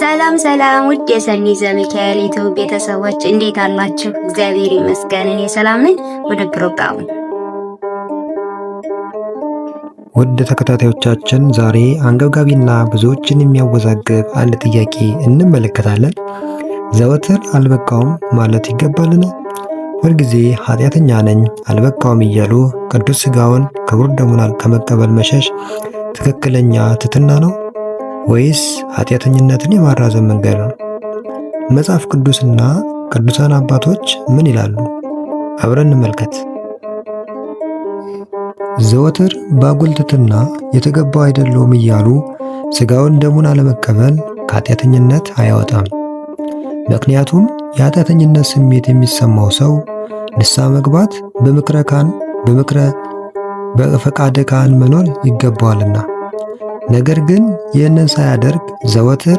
ሰላም ሰላም ውድ የሰኒ ዘሚካኤል ዩቲዩብ ቤተሰቦች እንዴት አላችሁ? እግዚአብሔር ይመስገን እኔ ሰላም ነኝ። ወደ ፕሮግራሙ ውድ ተከታታዮቻችን ዛሬ አንገብጋቢና ብዙዎችን የሚያወዛግብ አንድ ጥያቄ እንመለከታለን። ዘወትር አልበቃውም ማለት ይገባልን? ሁልጊዜ ኃጢአተኛ ነኝ አልበቃውም እያሉ ቅዱስ ሥጋውን ክቡር ደሙን ከመቀበል መሸሽ ትክክለኛ ትትና ነው? ወይስ ኃጢአተኝነትን የማራዘም መንገድ ነው? መጽሐፍ ቅዱስና ቅዱሳን አባቶች ምን ይላሉ? አብረን እንመልከት። ዘወትር ባጎልትትና የተገባው አይደለውም እያሉ ሥጋውን ደሙን አለመቀበል ከኃጢአተኝነት አያወጣም። ምክንያቱም የኃጢአተኝነት ስሜት የሚሰማው ሰው ንስሐ መግባት በምክረ ካህን በምክረ በፈቃደ ካህን መኖር ይገባዋልና ነገር ግን ይህንን ሳያደርግ ዘወትር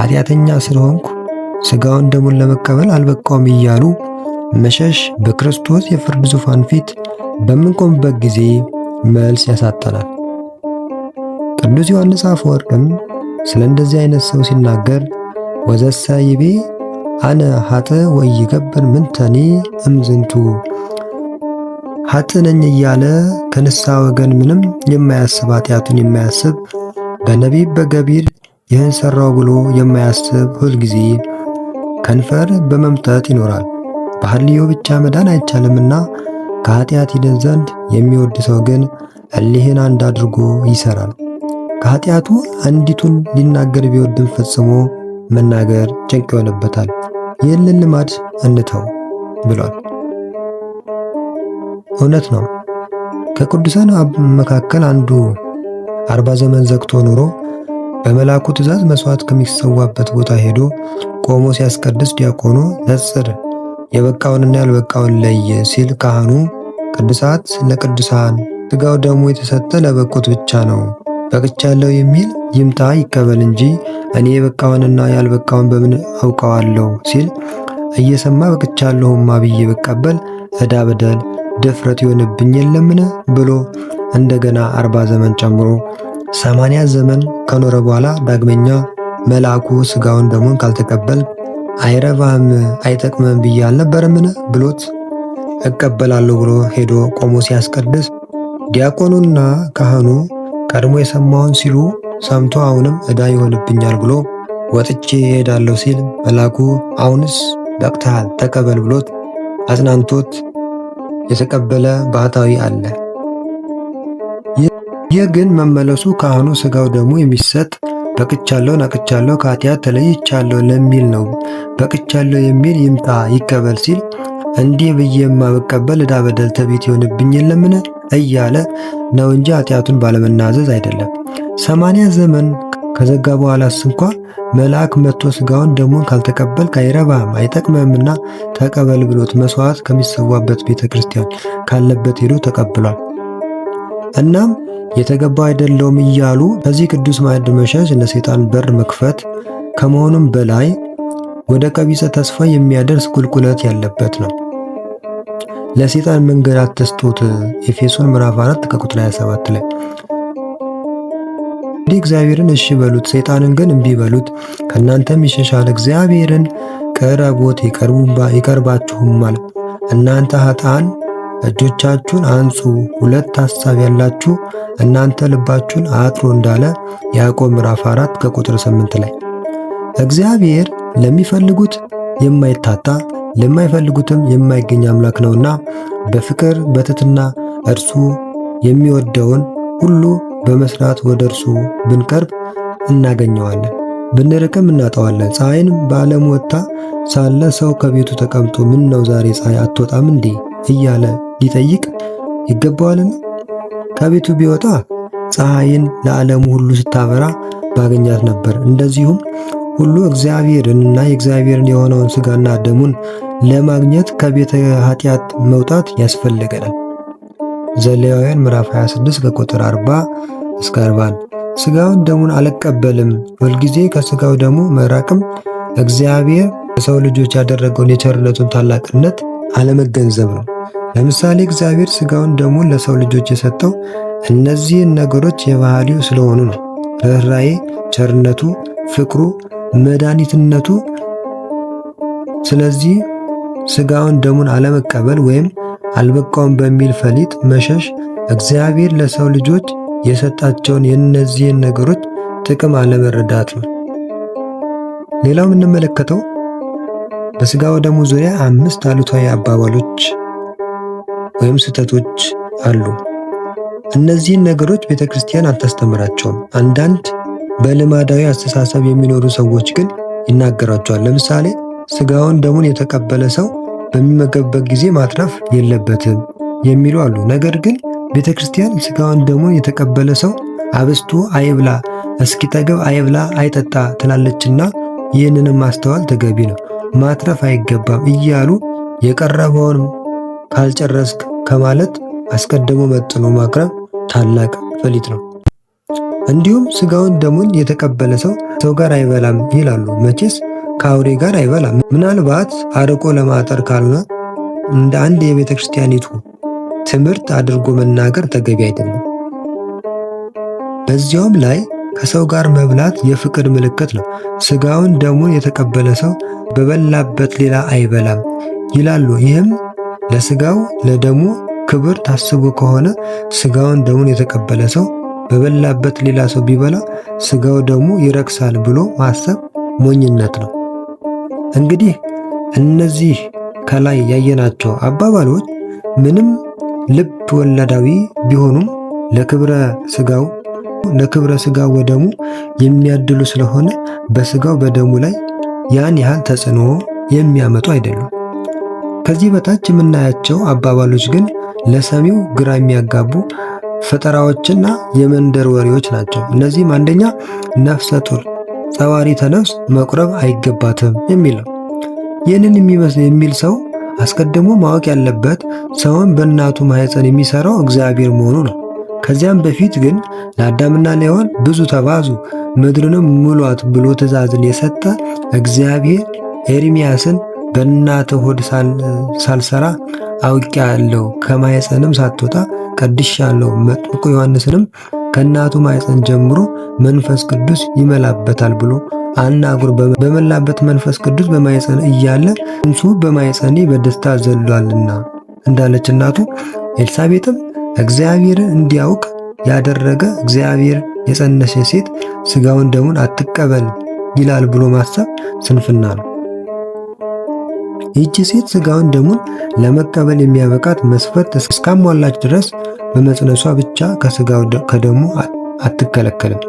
ኃጢአተኛ ስለሆንኩ ሥጋውን ደሙን ለመቀበል አልበቃውም እያሉ መሸሽ በክርስቶስ የፍርድ ዙፋን ፊት በምንቆምበት ጊዜ መልስ ያሳጠናል። ቅዱስ ዮሐንስ አፈወርቅም ስለ እንደዚህ አይነት ሰው ሲናገር ወዘሰ ይቤ አነ ሀጥ ገብር ምንተኒ እምዝንቱ ሀጥ ነኝ እያለ ከንስሐ ወገን ምንም የማያስብ ኃጢአቱን የማያስብ በነቢብ በገቢር ይህን ሠራው ብሎ የማያስብ ሁልጊዜ ከንፈር በመምጠጥ ይኖራል። በሐልዮ ብቻ መዳን አይቻልምና ከኃጢአት ይድን ዘንድ የሚወድ ሰው ግን እሊህን አንድ አድርጎ ይሠራል። ከኃጢአቱ አንዲቱን ሊናገር ቢወድም ፈጽሞ መናገር ጭንቅ ይሆንበታል። ይህንን ልማድ እንተው ብሏል። እውነት ነው። ከቅዱሳን መካከል አንዱ አርባ ዘመን ዘግቶ ኑሮ በመልአኩ ትእዛዝ መሥዋዕት ከሚሰዋበት ቦታ ሄዶ ቆሞ ሲያስቀድስ ዲያቆኑ ነጽር የበቃውንና ያልበቃውን ለየ ሲል ካህኑ ቅዱሳት ለቅዱሳን ሥጋው ደግሞ የተሰጠ ለበቁት ብቻ ነው በቅቻለሁ የሚል ይምጣ ይቀበል እንጂ እኔ የበቃውንና ያልበቃውን በምን አውቀዋለሁ ሲል እየሰማ በቅቻለሁማ ብዬ ብቀበል ዕዳ በደል ድፍረት ይሆንብኝ የለምን ብሎ እንደገና አርባ ዘመን ጨምሮ ሰማንያ ዘመን ከኖረ በኋላ ዳግመኛ መልአኩ ስጋውን ደሙን ካልተቀበል አይረባም አይጠቅምም ብዬ አልነበረምን ብሎት እቀበላለሁ ብሎ ሄዶ ቆሞ ሲያስቀድስ ዲያቆኑና ካህኑ ቀድሞ የሰማውን ሲሉ ሰምቶ አሁንም ዕዳ ይሆንብኛል ብሎ ወጥቼ እሄዳለሁ ሲል መልአኩ አሁንስ በቅተሃል ተቀበል ብሎት አጽናንቶት የተቀበለ ባህታዊ አለ። ይህ ግን መመለሱ ካህኑ ስጋው ደግሞ የሚሰጥ በቅቻለሁ ናቅቻለሁ ከኃጢአት ተለይቻለሁ ለሚል ነው። በቅቻለሁ የሚል ይምጣ ይቀበል ሲል እንዲህ ብዬማ ብቀበል ዕዳ በደል ተቤት ይሆንብኝ የለምን እያለ ነው እንጂ ኃጢአቱን ባለመናዘዝ አይደለም። ሰማንያ ዘመን ከዘጋ በኋላስ እንኳ መልአክ መጥቶ ስጋውን ደሞን ካልተቀበል አይረባም አይጠቅመምና ተቀበል ብሎት መስዋዕት ከሚሰዋበት ቤተ ክርስቲያን ካለበት ሄዶ ተቀብሏል። እናም የተገባ አይደለውም እያሉ ከዚህ ቅዱስ ማዕድ መሸሽ ለሰይጣን በር መክፈት ከመሆኑም በላይ ወደ ቀቢጸ ተስፋ የሚያደርስ ቁልቁለት ያለበት ነው። ለሰይጣን መንገድ አትስጡት። ኤፌሶን ምዕራፍ 4 ከቁጥር 27 ላይ እንዲህ እግዚአብሔርን እሺ በሉት፣ ሰይጣንን ግን እምቢ በሉት፣ ከእናንተም ይሸሻል። እግዚአብሔርን ቅረቦት ይቀርባችሁማል እናንተ ኃጥአን እጆቻችሁን አንጹ፣ ሁለት ሐሳብ ያላችሁ እናንተ ልባችሁን አጥሩ እንዳለ ያዕቆብ ምዕራፍ 4 ከቁጥር 8 ላይ እግዚአብሔር ለሚፈልጉት የማይታጣ ለማይፈልጉትም የማይገኝ አምላክ ነውና በፍቅር በትትና እርሱ የሚወደውን ሁሉ በመስራት ወደ እርሱ ብንቀርብ እናገኘዋለን፣ ብንርቅም እናጠዋለን። ፀሐይን በዓለም ወጥታ ሳለ ሰው ከቤቱ ተቀምጦ ምን ነው ዛሬ ፀሐይ አትወጣም እንዴ እያለ ሊጠይቅ ይገባዋልን? ከቤቱ ቢወጣ ፀሐይን ለዓለሙ ሁሉ ስታበራ ባገኛት ነበር። እንደዚሁም ሁሉ እግዚአብሔርንና የእግዚአብሔርን የሆነውን ሥጋና ደሙን ለማግኘት ከቤተ ኃጢአት መውጣት ያስፈልገናል። ዘሌዋውያን ምዕራፍ 26 ከቁጥር 40 እስከ ሥጋውን ደሙን አልቀበልም፣ ሁልጊዜ ከሥጋው ደሙ መራቅም እግዚአብሔር ለሰው ልጆች ያደረገውን የቸርነቱን ታላቅነት አለመገንዘብ ነው። ለምሳሌ እግዚአብሔር ስጋውን ደሙን ለሰው ልጆች የሰጠው እነዚህን ነገሮች የባህሪው ስለሆኑ ነው። ርኅራዬ፣ ቸርነቱ፣ ፍቅሩ፣ መድኃኒትነቱ። ስለዚህ ስጋውን ደሙን አለመቀበል ወይም አልበቃውም በሚል ፈሊጥ መሸሽ እግዚአብሔር ለሰው ልጆች የሰጣቸውን የእነዚህን ነገሮች ጥቅም አለመረዳት ነው። ሌላው የምንመለከተው በስጋ ወደሙ ዙሪያ አምስት አሉታዊ አባባሎች ወይም ስህተቶች አሉ። እነዚህን ነገሮች ቤተ ክርስቲያን አታስተምራቸውም። አንዳንድ በልማዳዊ አስተሳሰብ የሚኖሩ ሰዎች ግን ይናገራቸዋል። ለምሳሌ ስጋውን ደሙን የተቀበለ ሰው በሚመገብበት ጊዜ ማትረፍ የለበትም የሚሉ አሉ። ነገር ግን ቤተ ክርስቲያን ስጋውን ደሙን የተቀበለ ሰው አብስቶ አይብላ፣ እስኪጠግብ አይብላ፣ አይጠጣ ትላለችና ይህንንም ማስተዋል ተገቢ ነው። ማትረፍ አይገባም እያሉ የቀረበውን ካልጨረስክ ከማለት አስቀድሞ መጥኖ ማቅረብ ታላቅ ፈሊጥ ነው። እንዲሁም ስጋውን ደሙን የተቀበለ ሰው ሰው ጋር አይበላም ይላሉ። መቼስ ከአውሬ ጋር አይበላም። ምናልባት አርቆ ለማጠር ካልሆነ እንደ አንድ የቤተ ክርስቲያኒቱ ትምህርት አድርጎ መናገር ተገቢ አይደለም። በዚያውም ላይ ከሰው ጋር መብላት የፍቅር ምልክት ነው። ስጋውን ደሙን የተቀበለ ሰው በበላበት ሌላ አይበላም ይላሉ። ይህም ለስጋው ለደሙ ክብር ታስቦ ከሆነ ስጋውን ደሙን የተቀበለ ሰው በበላበት ሌላ ሰው ቢበላ ስጋው ደሙ ይረክሳል ብሎ ማሰብ ሞኝነት ነው። እንግዲህ እነዚህ ከላይ ያየናቸው አባባሎች ምንም ልብ ወለዳዊ ቢሆኑም ለክብረ ስጋው ለክብረ ሥጋ ወደሙ የሚያድሉ ስለሆነ በስጋው በደሙ ላይ ያን ያህል ተጽዕኖ የሚያመጡ አይደሉም። ከዚህ በታች የምናያቸው አባባሎች ግን ለሰሚው ግራ የሚያጋቡ ፈጠራዎችና የመንደር ወሬዎች ናቸው። እነዚህም አንደኛ ነፍሰ ጡር ጸዋሪተ ነፍስ መቁረብ አይገባትም የሚል ነው። ይህንን የሚል ሰው አስቀድሞ ማወቅ ያለበት ሰውን በእናቱ ማኅፀን የሚሰራው እግዚአብሔር መሆኑ ነው። ከዚያም በፊት ግን ለአዳምና ለሔዋን ብዙ ተባዙ፣ ምድርንም ሙሏት ብሎ ትእዛዝን የሰጠ እግዚአብሔር ኤርምያስን በእናተ ሆድ ሳልሰራ አውቄአለሁ፣ ከማኅፀንም ሳትወጣ ቀድሻለሁ፣ መጥምቁ ዮሐንስንም ከእናቱ ማኅፀን ጀምሮ መንፈስ ቅዱስ ይመላበታል ብሎ አናጉር በመላበት መንፈስ ቅዱስ በማኅፀን እያለ እንሱ በማኅፀኔ በደስታ ዘሏልና እንዳለች እናቱ ኤልሳቤጥም እግዚአብሔር እንዲያውቅ ያደረገ እግዚአብሔር የጸነሰ ሴት ስጋውን ደሙን አትቀበል ይላል ብሎ ማሰብ ስንፍና ነው። ይቺ ሴት ስጋውን ደሙን ለመቀበል የሚያበቃት መስፈርት እስካሟላች ድረስ በመጽነሷ ብቻ ከስጋው ከደሙ አትከለከልም።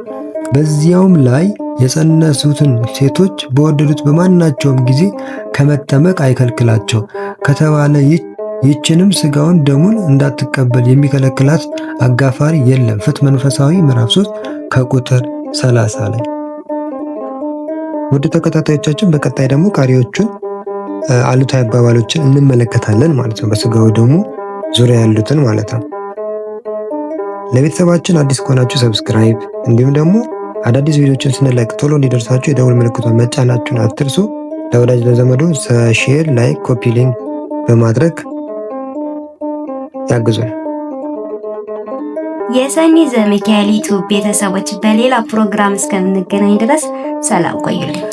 በዚያውም ላይ የጸነሱትን ሴቶች በወደዱት በማናቸውም ጊዜ ከመጠመቅ አይከልክላቸው ከተባለ ይህ ይችንም ስጋውን ደሙን እንዳትቀበል የሚከለክላት አጋፋሪ የለም። ፍትሐ መንፈሳዊ ምዕራፍ 3 ከቁጥር 30 ላይ። ውድ ተከታታዮቻችን በቀጣይ ደግሞ ቀሪዎቹን አሉታዊ አባባሎችን እንመለከታለን ማለት ነው። በስጋው ደሙ ዙሪያ ያሉትን ማለት ነው። ለቤተሰባችን አዲስ ከሆናችሁ ሰብስክራይብ፣ እንዲሁም ደግሞ አዳዲስ ቪዲዮችን ስንለቅ ቶሎ እንዲደርሳችሁ የደውል ምልክቷን መጫናችሁን አትርሱ። ለወዳጅ ለዘመዶ ሼር፣ ላይክ፣ ኮፒ ሊንክ በማድረግ ያግዙን። የሰኒ ዘሚካኤል ዩቲዩብ ቤተሰቦች በሌላ ፕሮግራም እስከምንገናኝ ድረስ ሰላም ቆዩልኝ።